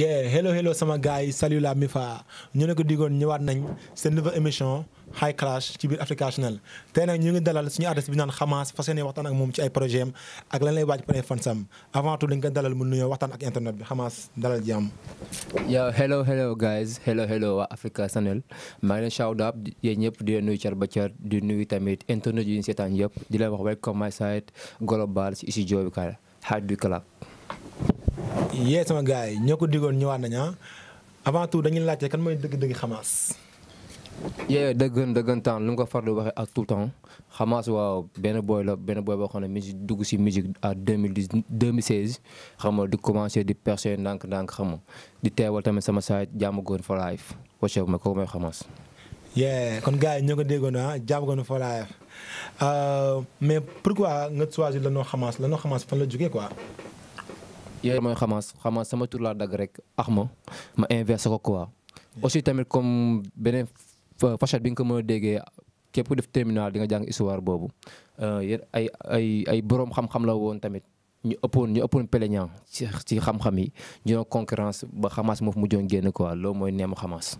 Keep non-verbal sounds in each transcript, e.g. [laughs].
yeah hello hello sama gars yi salut la Mifa ñu ne ko digoon ñëwaat nañ seen nouvelle émission High Clash ci biir Africa Channel tey nag ñu ngi dalal suñu artiste bi naan Khamass fas yéene waxtaan ak moom ci ay projet am ak lan lay waaj pour fansam avant tout dañ ko dalal mu nuyoo waxtaan ak internet bi Khamass dalal jàmm. yow hello hello guys hello hello waa Africa Channel maa ngi leen shout ñëpp di leen nuyu car ba car di nuyu tamit internet yu ñu seetaan yëpp di leen wax welcome my side global si studio bi kaay yee sama gars yi ñoo ko digoon ñëwaat nañ ah avant tout dañuy laajte kan mooy dëgg-dëgg Hamas. yee dëggan dëggantaan lu mu ko farlu waxee ak tout le temps Hamas waaw benn booy la benn booy boo xam ne mi dugg si musique à deux mille dix deux mille seize xam nga di commencé di percer ndànk-ndànk xam di teewal tamit sama saay jaamu goon for life wacce ma kooku mooy Hamas. yee kon gars yi ñoo ko déggoon ah jaamu goon for life euh, mais pourquoi nga choisir lanoo Hamas lanoo Hamas fan la jógee quoi. yooyu mooy xamaas xamaas sama tur laa dagg rek ax ma ma inversé ko quoi. aussi tamit comme beneen facette bi nga ko mën a déggee képp ku def terminal di nga jàng histoire boobu euh, ay ay ay boroom xam-xam la woon tamit. ñu ëppoon ñu ëppoon plaignant ci ci xam-xam yi ñu doon concurrence ba xamaas moo fi mujjoon génn quoi loolu mooy neemu xamaas.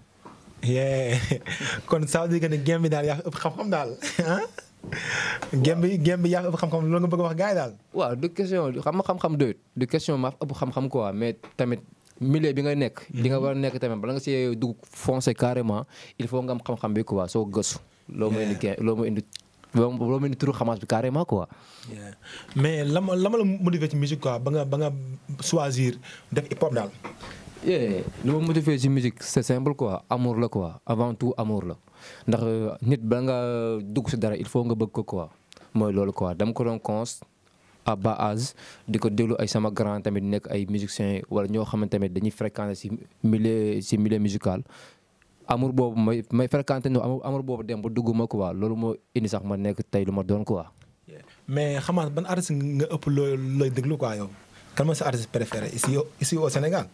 [laughs] kon ça veut dire que ne bi daal yaa xam-xam daal [laughs] gemb gemb yaa ëpp xam-xam loolu nga bëgg wax gars yi daal. waaw du question xam nga xam-xam doyut du question maa ëpp xam-xam quoi mais tamit milieu bi nga nekk. li nga mhm. war a nekk tamit bala nga see dugg foncer carrément il faut nga am xam-xam bi quoi soo gëstu. loo mooy indi gain loo mooy indi loo mooy indi turu xamaas bi carrément quoi. mais la ma la ma la motivé ci musique quoi ba nga ba nga choisir def hip hop daal. lu ma motivé ci musique c'est simple quoi amour la quoi avant tout amour la. ndax euh, nit ba nga dugg si dara il faut nga bëgg ko quoi mooy loolu quoi dama ko doon cons a ba âge di ko déglu ay sama grand tamit nekk ay musiciens wala ñoo xamante tamit dañuy fréquenter si milieu si milieu musical amour boobu may may fréquenté ñu amour boobu dem ba dugg ma quoi loolu moo indi sax ma nekk tey lu ma doon quoi. mais xam ban artiste nga ëpp looy looy déglu quoi yow kan mooy sa artiste préféré ici ici au Sénégal.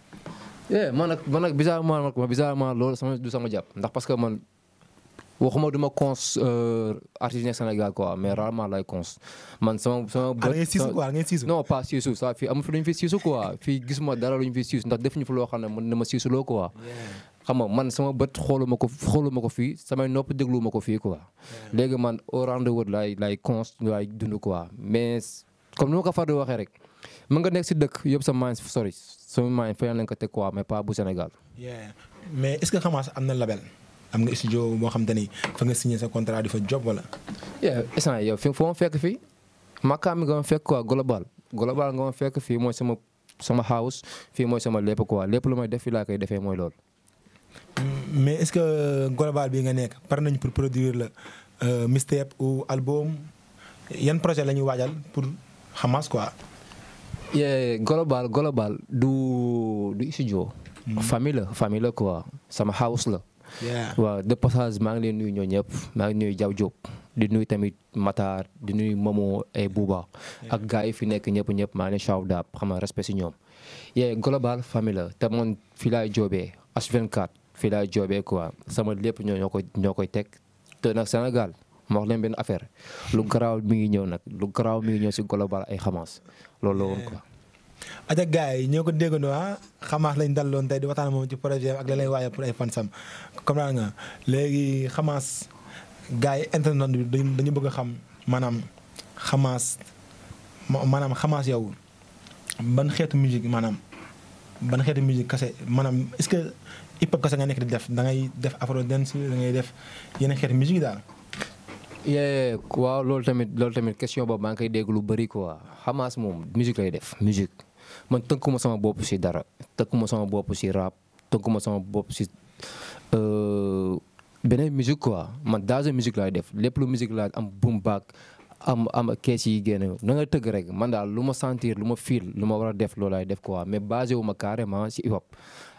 man nag man nag bizarrement man bizarrement waxuma duma cons euh, artiste yi nekk Sénégal quoi mais rarement lay cons man sama sama. ah da ngay siisu quoi da ngay siisu. non pas siisu ça fi amul fi lu ñu fi siisu quoi fii gisuma dara lu ñu fi siisu ndax defuñu fi loo xam ne mën na ma siisu loo quoi. xam nga man sama bët xooluma ko xooluma ko fii samay nopp dégluwuma ko fii quoi. léegi man au rendez-vous laay laay cons laay dund quoi mais comme ni ma ko far di waxee rek mën nga nekk si dëkk yëpp sa mind sori sama mind feneen lañ ko teg quoi mais pas bu Sénégal. mais est-ce que Khamass na label. am nga studio moo xam ni fa nga signé sa contrat di fa job wala. instant yow fi fekk fii makkaam nga fekk quoi global global nga fekk fii mooy sama sama house fii mooy sama lépp lépp lu may def fii koy defee mooy loolu. mais est-ce que global bi nga nekk par nañ pour produire la euh, mixtape ou album yan projet la ñuy waajal pour Hamas quoi. global global du du studio. Hmm. famille famille la quoi sama house la. waaw de passage maa ngi leen nuyu ñoo ñëpp maa ngi nuyu Diaw Diop di nuyu tamit Matar di nuyu Momo ay Bouba ak gars yi fi nekk ñëpp ñëpp maa ngi leen daab xam respect si ñoom yee global famille la te man fii laay joobee H24 fii laay joobee quoi sama lépp ñoo ñoo koy ñoo koy teg te nag Sénégal ma wax leen benn affaire lu garaaw mi ngi ñëw nag lu garaaw mi ngi ñëw si global ay xamaas loolu la woon quoi aja gars yi ñoo ko déggandoo ah xamaas lañ daloon tey di waxtaan moom ci projet ak la lay waajal pour ay fansam comme naa nga léegi xamaas gars yi internet bi dañu bëgg a xam maanaam xamaas maanaam xamaas yow ban xeetu musique maanaam ban xeetu musique kase maanaam est-ce que hip hop kase nekk di def da ngay def afro dance da ngay def yeneen xeetu musique daal. waaw loolu tamit loolu tamit question boobu maa ngi koy dégg bëri quoi xamaas moom musique lay def musique. man tënkuma sama bopp si dara tënkuma sama bopp si rap tënkuma sama bopp si euh, beneen musique quoi man daje musique laay def lépp lu musique laay am boom baag am am kees yi génn na nga tëgg rek man daal lu ma sentir lu ma feel lu ma war a def ay def quoi mais basé wu ma carrément si hip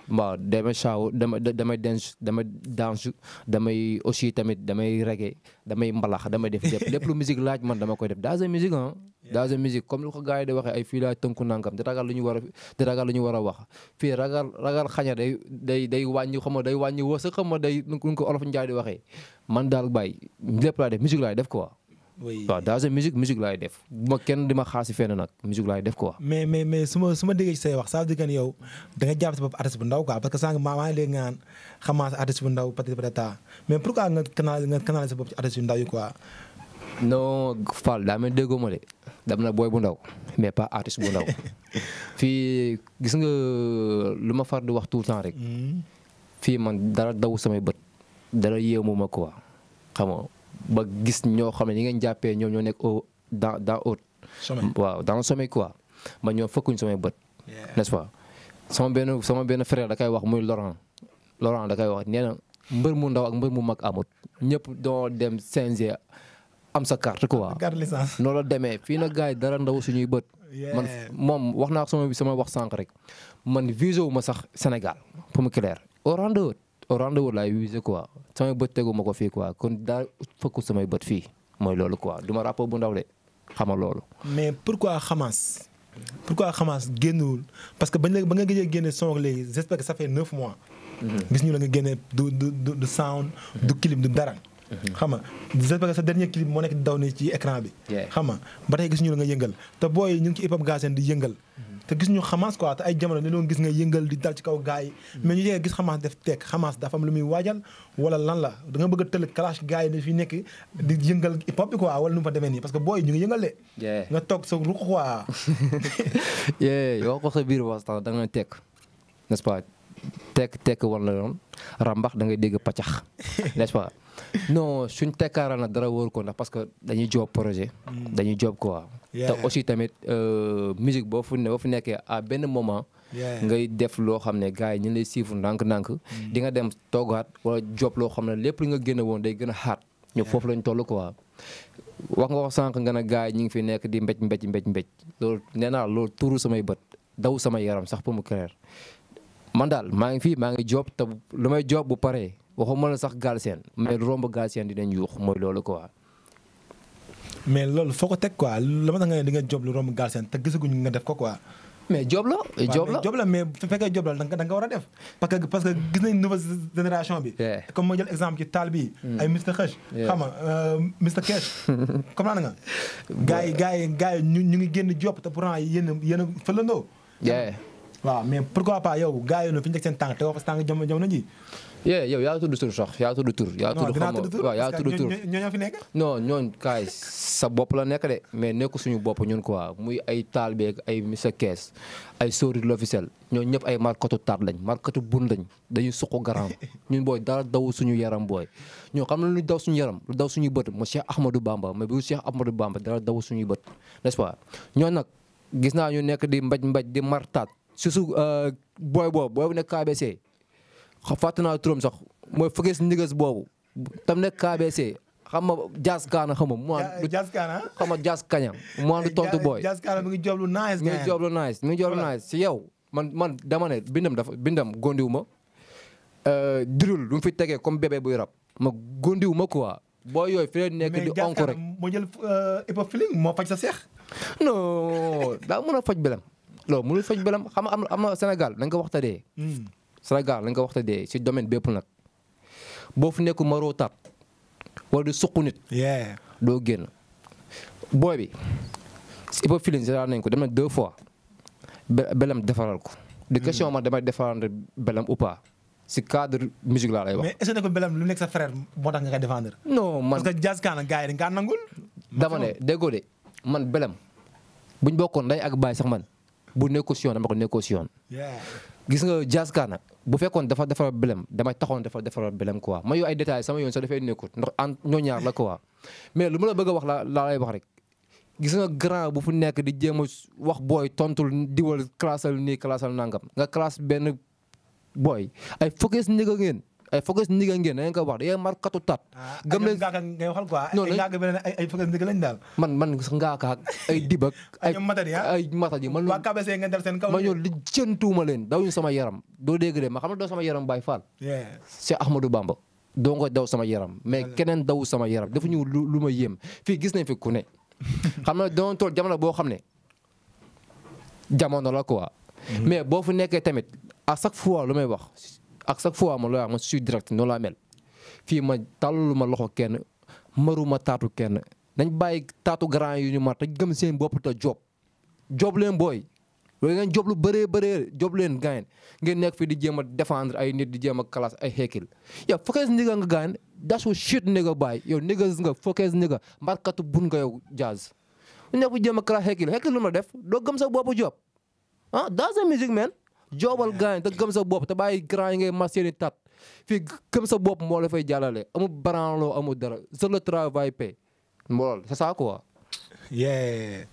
waaw damay saaw damay damay dance damay danse damay aussi tamit damay reggae damay mbalax damay def lépp lépp lu musique laaj man dama koy def dans la musique ah. dans la musique comme lu ko gars di waxee ay fii laa tënku nankam di ragal lu ñu war a ragal lu ñu war a wax fii ragal ragal xaña day day day wàññi xam ma day wàññi wërsëg xam ma day nu ko olof njaay di waxee man daal bàyyi lépp laa def musique laay def quoi. waaw daa se musique musique laay def ma kenn di ma xaasi fenn nag musique laay def quoi. mais mais mais ma su ma déggee ci say wax ça veut dire que yow da nga jàpp si bopp sa artiste bu mais pourquoi nga canal nga canaliser sa bopp ci artiste bu ndaw yi quoi. non Fall daa mel déggoo ma de dam na booy bu ndaw mais pas artiste bu ndaw [laughs] fii gis nga lu ma far di wax tout le temps rek. Hmm. fii man dara daw samay bët dara yéemu ma quoi xam nga ba gis ñoo xam ne ñi ngeen jàppee ñoom ñoo nekk au dans dans haut. waaw dans le sommet quoi ma ñoom fëkkuñ samay bët. n'est-ce sama benn sama benn frère da koy wax muy Laurent Laurent da koy wax nee mbër mu ndaw ak mbër mu mag amut ñëpp doo dem CNG am sa carte quoi. carte licence noonu la demee fii nag gars yi dara ndaw suñuy bët. moom wax naa sama sama wax sànq rek man visé wu ma sax Sénégal pour mu clair au rendez-vous rendez-vous laay visé quoi samay bët tegu ko fii quoi kon daa fëkku samay bët fii mooy loolu quoi duma ma bu ndaw de xamal loolu. mais pourquoi quoi pourquoi Hamas génnul parce que bañ ba nga gëj a génne son ak léegi j'espère que ça fait neuf mois. Mm-hmm. gis ñu la nga génne du du du sound. Mm-hmm. du kilim du dara. Mm-hmm. xam nga j'espère que sa dernier clip moo nekk daw ne ci écran bi. xam nga ba te gis ñu la nga yëngal te booy ñu ngi ci hip gaaseen di yëngal. te gis ñu Hamas quoi te ay jamono ne doon gis nga yëngal di dal ci kaw gars yi mm. mais ñu jegee gis Hamas def tekk Hamas dafa am lu muy waajal wala lan la danga nga bëgg a tëll clash gars yi ne fi nekk di yëngal hip hop bi quoi wala nu mu fa demee nii parce que booy ñu ngi yëngal nga toog sa ruq quoi [laughs] yee yoo ko sa biir wax tax da nga tekk n'est-ce pas tekk tekk wala yoon rambax da ngay dégg paccax [laughs] nest [laughs] non suñ tekkaaraan na dara wóor ko ndax parce que dañuy job projet. Hmm. dañuy job quoi. te aussi tamit euh, musique boo fu ne fu nekkee à benn moment. ngay def loo xam ne gars yi ñu lay siifu ndànk-ndànk. Hmm. di nga dem toogaat wala job loo xam ne lépp li nga génne woon day gën a xaat. ñu foofu lañ toll quoi. wax nga wax sànq nga ne gars yi ñu ngi fi nekk di mbéj mbéj mbéj mbéj loolu nee naa loolu tuuru samay bët daw sama yaram sax pour mu créer man daal maa ngi fi maa ngi job te lu may joob bu paree. waxuma la sax Galsen mais romb Galsen dinañ yuux mooy loolu quoi. mais loolu foo ko teg quoi la ma tax nga ne di nga job lu romb Galsen te gisaguñ nga def ko ko mais job la job la job la mais bu fekkee job da nga war def parce que parce que gis nañ nouvelle génération bi. comme ma jël taal bi. Mm. ay Mr Xëch. xam nga euh, Mr Cash. [laughs] comme naan nga. yi gars yi gars yi ñu ñu ngi génn job te pourtant yéen a a fëlandoo. waaw mais pourquoi pas yow gars yi noonu fi ñu teg seen tànk te wax fa tànk jamono ji. yow yaa tudd tur sax yaa tudd tur yaa tudd xam waaw ñooñ kaay sa bopp la nekk de mais nekk suñu bopp ñun quoi muy ay taalibeeg ay misa kees ay sóorit l'officiel ñoo ñëpp ay markatu taat lañ markatu bun lañ dañu suqu garam [laughs] ñun booy dara daw suñu yaram booy ñoo xam na lu daw suñu yaram lu daw suñu bët mo Cheikh Ahmadou Bamba ma bu Cheikh Ahmadou Bamba dara daw suñu bët n'est-ce ñoo nag gis naa ñu nekk di mbaj mbaj di martaat surtout euh, booy boobu booy bu nekk KBC fàtte naa turam sax mooy fëgees ndigas boobu tam nekk KBC xam nga Dias Kaana xam nga. Dias Kaana xam nga Dias Kaña. mu ànd tontu booy Dias Kaana mi ngi joblu nice. mi ngi joblu ngi joblu nice si yow man man dama ne bindam dafa bindam gondiwu ma. Euh, dirul lu mu fi tegee comme bébé buy rab ma gondiwu ma quoi. boo yooyu fi leen nekk di onk rek moo jël hypophilie euh, moo faj sa seex. non daa mën a faj loo loolu mënul faj belam xam a am na Sénégal nañ ko waxtaanee. Sénégal lañ ko waxta dee si domaine bépp nag boo fu nekku maroo tat wala di suqu nit doo génn nañ ko dem na deux defaral ko di question man damay défendre belam ou pas si cadre musique laa lay wax. lu nekk sa frère moo tax nga koy défendre. non man parce que jazz kaan gars yi dañ nangul. dama ne déggoo de man belam buñ bokkoon day ak baay sax man bu nekkoo si yoon dama ko nekkoon si yoon. gis nga jazz kaana bu fekkoon dafa defaral belem damay taxoon dafa defaroo belem quoi ma yow ay détails sama yoon sax dafay nekkut ndax en ñoo ñaar la quoi mais lu ma la bëgg a wax la laa lay wax rek gis nga grand bu fu nekk di jéem a wax booy tontul diwal classal nii classal nangam nga classe benn booy ay focus njëkk ngeen. ay focus nigga ngeen da ngeen ko wax da ngeen markatu tat. gëm leen ah ngay ay ngaaga beneen ay ay focus nigga lañ daal. man man sax ngaaka ak ay dibak. ay matadi ay matadi man. waa KBC ngeen dal seen ma leen dawuñu sama yaram doo dégg de ma xam ne doo sama yaram Baye Fall. Cheikh Ahmadou Bamba. doo daw sama yaram mais keneen daw sama yaram dafa ñu lu lu ma yéem fii gis nañ fi ku ne. xam na doon tool jamono boo xam ne jamono la quoi. mais boo fi nekkee tamit à chaque fois lu may wax. ak chaque fois ma looy wax ma suis direct noonu laa mel fii ma tàllalu ma loxo kenn maruma taatu kenn nañ bàyyi taatu grand yu ñu ma te gëm seen bopp te job job leen booy loolu ngeen job lu bëree bëree job leen gaañ ngeen nekk fii di jéem a défendre ay nit di jéem a classe ay xeekil yow focus nigga nga gaañ that's what shit nigga bàyyi yow niggas nga focus nigga mbarkatu bun nga yow jazz nekk bu jéem a classe xeekil xeekil lu ma def doo gëm sa bopp job ah music man joobal gaañ te gëm sa bopp te bàyyi grand yi ngay mas seeni tat fii gëm bopp moo la fay jàllale amul branloo amul dara seul le travail paie loolu c'est yee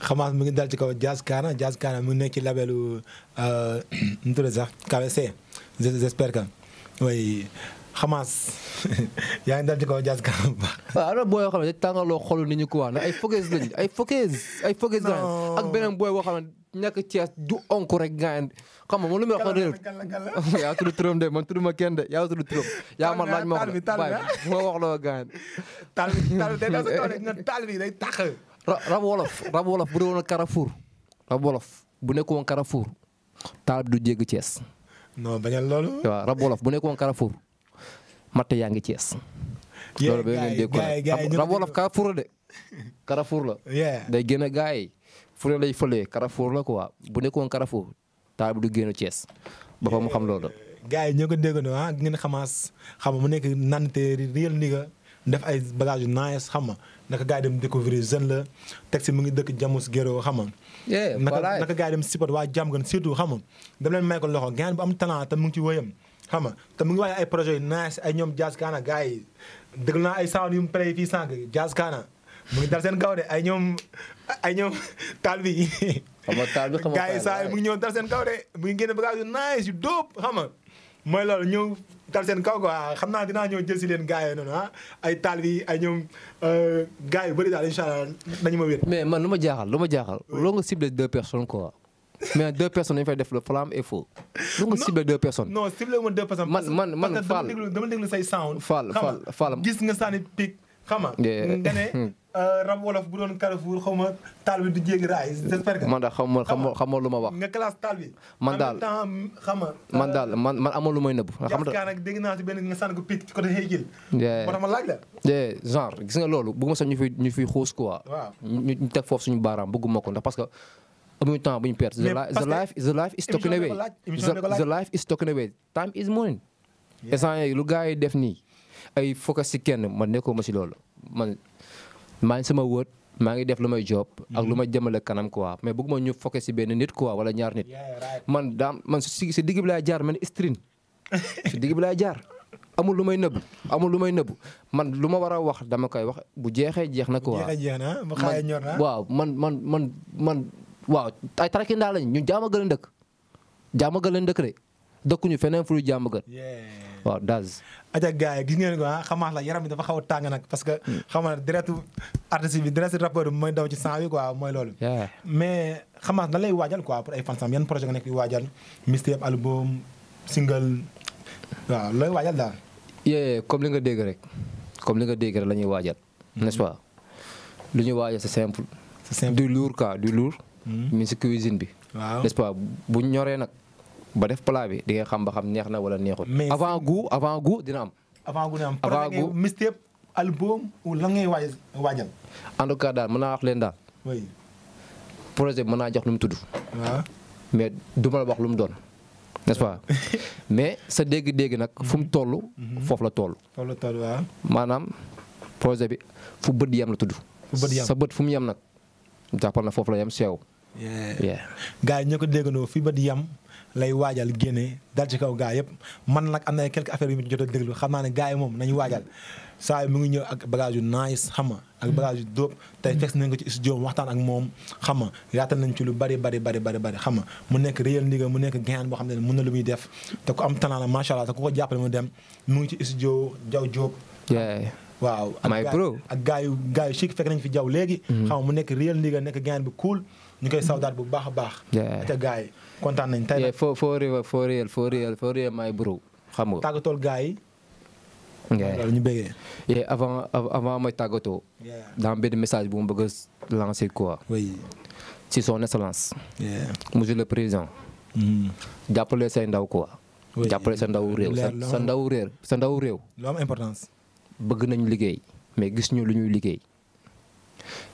xamaas mu ngi dal ci kaw Jazz Kaana Jazz Kaana mu nekk ci labelu euh, [clears throat] nu mu tudd sax KBC j'espère que Hamas [laughs] yaa ngi dal ci kaw Diaz kanam baax. waaw am na booy yoo xam ne tàngaloo xolu nit ñi quoi ay focus lañu ay focus. ay focus lañu ak beneen booy boo xam ne ñàkk Thiès du onk rek gaañ xam nga moom lu muy wax réew. [laughs] yaa tudd turam de man tudd ma kenn de yaa tudd turam. yaa man laaj ma wax de waaye ah. [laughs] moo wax loo gaañ. taal bi taal bi day tax taal bi day tax. rab wolof rab wolof bu dee woon Carrefour rab wolof bu nekk woon Carrefour taal bi du jéggi Thiès. non bañal loolu. waaw rab wolof bu nekk woon Carrefour. matt yaa ngi Thiès. loolu ba ngeen dégg ko rab wolof Carrefour de Carrefour la. day génn gars yi fure lay fëlee Carrefour la ko waa bu nekkoon Carrefour taa bi du génn cees ba fa mu xam loolu. gars yi ñoo ko déggandoo ah ngeen xamaas xam mu nekk nante réel ni nga def ay bagages yu nice xam nga naka gars yi dem découvrir jeune la teg si mu ngi dëkk Jamus Gero xam nga. naka naka gars yi dem support waa jàmm gan surtout xam nga dem leen may ko loxo gàncax bu am talent mu ngi ci wëyam. xam nga te mu ngi wax ay projet yu nice ay ñoom Jazz Kana gars yi naa ay sound yu mu play fii sànq Jazz Kana mu ngi dal seen kaw de ay ñoom ay ñoom taal bi. xam nga taal bi saa mu ngi ñëw dal seen kaw de mu ngi génn bagage yu nice yu dope xam nga mooy loolu ñëw dal seen kaw quoi xam naa dinaa ñëw jël si leen gars yi noonu ah. ay taal bi ay ñoom euh, gars yu bëri daal incha allah ma wér. mais man lu ma jaaxal lu ma jaaxal loo nga ciblé deux personnes quoi. mais deux personnes dañu fay def le flamme et faux. lu nga ciblé deux man bu doon Carrefour xaw ma taal bi du jéggi raay. j'espère que man daal xam lu ma wax. nga classe taal bi. man daal xam man daal euh, man man amoon lu may nëbb. xam nga dégg naa si benn nga sànni ko pic ci côté Hegel. moo tax ma laaj la. genre gis nga loolu bëgguma sax ñu fi ñu fi xuus quoi. waaw ñu teg foofu suñu baaraam bëgguma ko ndax parce que amuñu bu ñu perte. mais parce que the life is taken away the life is time is money. instant yooyu lu gars yi def nii ay focus si kenn man nekkoo ma si loolu man maa ngi sama wóot maa ngi def lu may job ak lu mm-hmm. ma jëmale kanam quoi mais bëgguma ñu focus si benn nit quoi wala ñaar nit man daam man si si digg bi laay jaar man string si [laughs] digg bi laay jaar. amul lu may nëbb amul lu may nëbb man lu ma war a wax dama koy wax bu jeexee jeex na. quoi bu jeexee jeex na mu xaay waaw man man man. waaw ay tarkindaa lañ ñu jaama gën a dëkk jaama gën dëkk de feneen fu ñu jaama gën. waaw Daz. aja gars yi gis ngeen ko ah xamaa la yaram bi dafa xaw a tàng nag parce que hmm. xam nga deretu artiste bi deretu rappeur mooy daw ci sang bi mooy loolu. mais xamaa lan lay waajal quoi pour ay fansam yan projet nga nekk di waajal mixtape album single waaw looy waajal daal. yee comme li nga dégg rek comme li nga dégg rek la ñuy waajal. n'est-ce hmm. lu ñuy waajal c'est simple. c'est simple du lourd quoi du lourd. Hmm. mi si cuisine bi. waaw n'est-ce pas bu ñoree nag ba def plat bi di nga xam ba xam neex na wala neexul. avant goût avant goût dina am. avant goût dina am avant goût mixtape album la ngay waaj waajal. en tout cas daal mën naa wax leen daal. oui projet bi mën naa jox lu mu tudd. waaw mais du ma la wax lu mu doon. n'est-ce pas [laughs] mais sa dégg-dégg nag fu mu toll. Mhm. foofu la toll. foofu la toll waaw. maanaam projet bi fu bët yam la tudd. sa bët fu mu yem nag jàppal na foofu la yem seew. yeah gars yi ñoo ko dégganoo fii ba di yam lay waajal génne dal ci kaw gars yëpp man nag am na quelques affaire yu mu jot a déglu xam naa ne gars yi moom nañu waajal saa mu ngi ñëw ak bagage yu nice xam nga ak bagage yu dóob tey fekk nañ ko ci studio waxtaan ak moom xam nga yaatal nañ ci lu bari bari bari bari bari xam nga mu nekk réel ndiga mu nekk gaynde boo xam ne mën na lu muy def te ku am talent la macha allah te ku ngi ci studio jaw jóob waaw ak gars yu gars yu chic nañ fi jaw léegi mm-hmm. xam mu nekk réel ndiga nekk gaynde bi cool ñu koy sawdaat bu baax a baax. te kontaan nañ tey. foo foo foo réel foo réel may bro xam nga. tàggatool gars yi. loolu ñu bëggee. avant avant may tàggatoo. daa am benn message bu mu bëgg a lancer quoi. oui. ci son excellence. monsieur le président. Mm-hmm. jàppale say ndaw quoi. jàppale sa ndaw réew sa ndaw réew sa ndaw réew. importance. bëgg nañ liggéey mais gis ñu lu ñuy liggéey.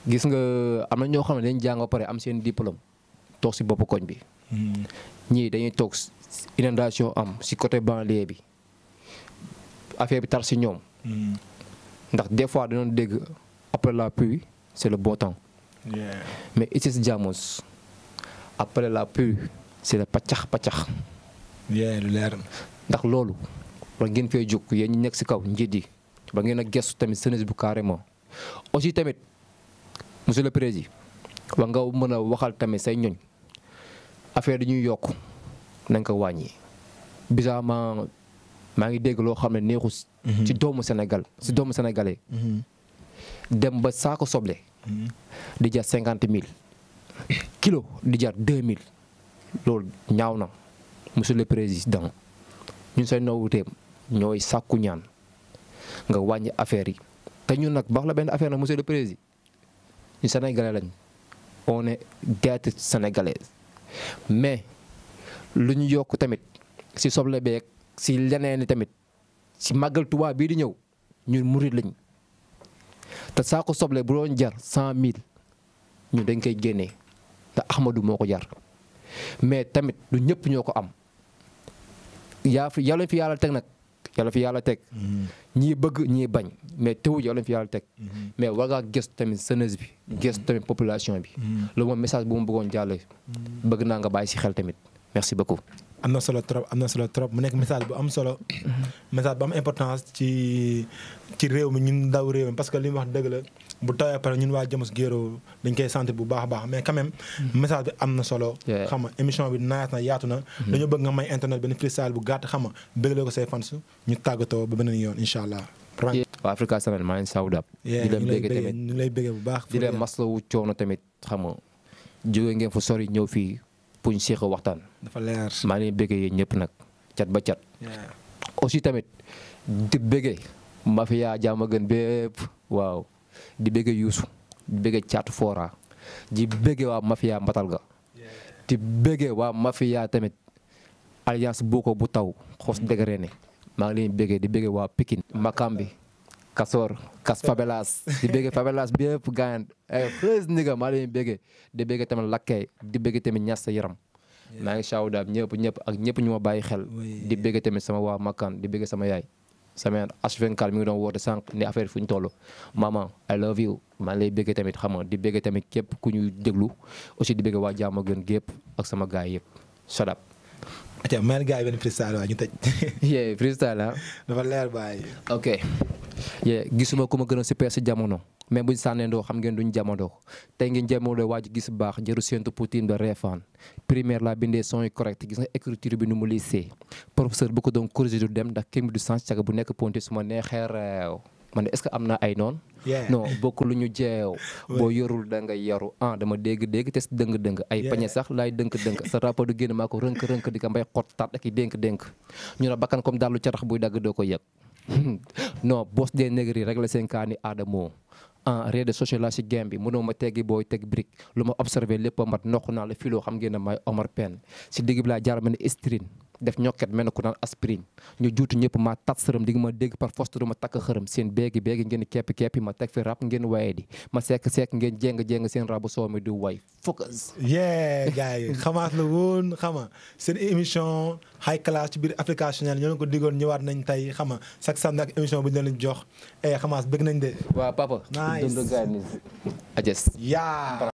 gis nga am na ñoo xam ne dañ jàng ba pare am seen diplôme toog si bopp koñ bi. Hmm. ñii dañuy toog inondation am si côté banlieue bi affaire bi tar si ñoom. Hmm. ndax des fois dañoo dégg après la pluie c'est le beau mais it si Diamos après la pluie c'est le paccax paccax. lu leer ndax loolu war ngeen fee jóg yéen ñu nekk si kaw njiit yi ba ngeen gestu tamit jeunesse bu carrément aussi tamit. monsieur le président wax nga mën a waxal tamit say ñoñ affaire ñuy yokk nañ ko wàññi bizarrement maa ngi dégg loo xam ne neexu mhm. ci doomu senegal si doomu sénégalais. Mhm. dem ba saako soble. Mhm. di jar cinquante mille. kilo di jar deux mille. loolu ñaaw na monsieur le président ñun say nawuteem ñooy sàkku ñaan nga wàññi affaire yi te ñun nag baax la benn affaire nag monsieur le président. ñu sénégalais lañ on est gerte mais lu ñu yokk tamit si soble beeg si leneen tamit si màggal Tuubaa bii di ñëw ñu murit lañ te saako soble bu doon jar cent mille ñu dañ koy génnee te Ahmadou moo ko jar mais tamit du ñëpp ñoo ko am yaa fi yàlla fi teg nag. yàlla fi yàlla teg mm-hmm. ñii bëgg ñii bañ mais tewu yàlla fi yàlla teg mm-hmm. mais war ngaa gëstu tamit jeunesse bi mm-hmm. gëstu tamit population bi loolu moom message bu mu bëggoon jàlle bëgg naa nga bàyyi si xel tamit merci beaucoup am na solo trop am na solo trop mu nekk message bu am solo. message mhm. bu am importance ci ci réew mi ñun ndaw réew mi parce que li mu wax dëgg la bu tawee pare ñun waa Jamus Géro dañ koy sant bu baax baax mais quand message mhm. bi am na solo. xam nga émission bi naat na yaatu na. Mhm. dañoo bëgg nga may internet benn freestyle bu gàtt xam nga bëgg ko say fans ñu tàggatoo ba beneen yoon incha allah. waaw Africa Semaine maa ngi sawdab di leen bëgg ñu lay bëgg bu baax. di leen maslawu coono tamit xam nga jóge ngeen fa ñëw fii. buñ seex a waxtaan. dafa leer maa ngi bëggee yéen ñëpp nag cat ba cat. aussi tamit di bëggee mafia jaam a gën bépp waaw di bëggee Youssou di bëggee caatu Fora di bëggee waa mafia mbatal ga di bëggee waa mafia tamit alliance boo ko bu taw xos dégg maa ngi leen bëggee di bëggee waa Pikine makam bi. Kasor Kas Fabelas di bëgg Fabelas bi yëpp gaañ ay eh, xëy na nga maa leen bëgg di bëgg tamit lakkay di bëgg tamit ñas sa yaram. maa ngi saawu daal ñëpp ñëpp ak ñëpp ñu ma bàyyi xel. di bëgg tamit sama waa makkaan di bëgg sama yaay. sama h mi ngi doon woote sànq ni affaire fu toll maman I maa ngi lay bëgg tamit xam nga di bëgg tamit képp ku ñuy déglu aussi di bëgg waa jàmm gën ak sama gaay yëpp sadab. atiwaat maa ngi leen gaa yi waa ñu tëj. [laughs] yee freestyle ah. dafa leer bàyyi. ok. gisuma ku ma gën a super si jamono mais bu sànnee sànneendoo xam ngeen duñ jamono tey ngeen jamono waaj gis baax jëru séntu poutine de reefaan primaire la bindee son yu correct gis nga écriture bi nu mu lycée professeur bu ko doon corrigé du dem ndax kémi du sens caga bu nekk ponté su ma neexee reew ma ne est-ce que am na ay noon non bokk lu ñu jeew [laughs] boo yorul da nga yaru ah dama dégg-dégg te dëng-dëng ay pañe sax laay dënk-dënk sa rapport du génn maa ko rënk-rënk di mbay xott taat ak i dénk ñu ne bakkan comme daal lu carax buy ko yëg [laughs] non bos des négri réglé seen kaa ni Adamo en réseau social la si game bi mënoo ma teggi booy teg brique lu ma observé lépp a mat nokk naa la filoo xam ngeen ne may Omar Pène si digg bi laa jaar ma ne Estrine def ñokket mel na ku naan aspirine ñu juutu ñëpp ma tat sërëm di nga ma dégg par force ma takk xërëm seen béegi béegi ngeen keppi keppi ma teg fi rap ngeen waaye di ma sekk sekk ngeen jéng jéng seen rabu soo mi di way focus. yee gars yi xamaas la woon xama seen émission high class ci biir Africationnel ñoo leen ko diggoon ñëwaat nañ tey xama chaque samedi ak émission bu ñu leen jox eh, xamaas bëgg nañ de. waaw papa. nice dund gaa